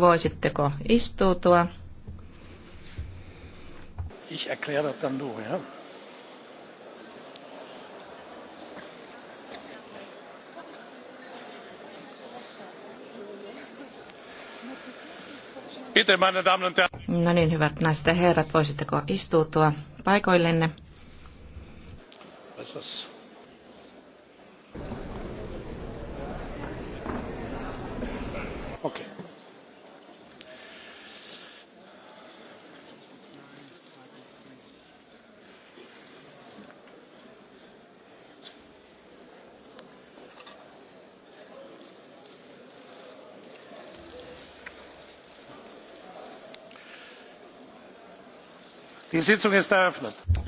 Voisitteko istuutua? Ich erkläre das dann ja. Bitte, meine Damen und Herren. No niin, hyvät naiset ja herrat, voisitteko istuutua paikoillenne? Was ist das?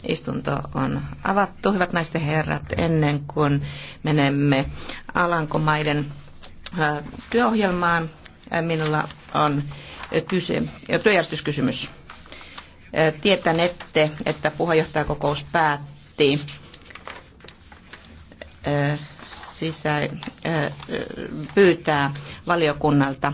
Istunto on avattu. Hyvät naisten herrat, ennen kuin menemme Alankomaiden äh, työohjelmaan, Minulla on kyse, työjärjestyskysymys. Tietänette, että puheenjohtajakokous päätti sisä, pyytää valiokunnalta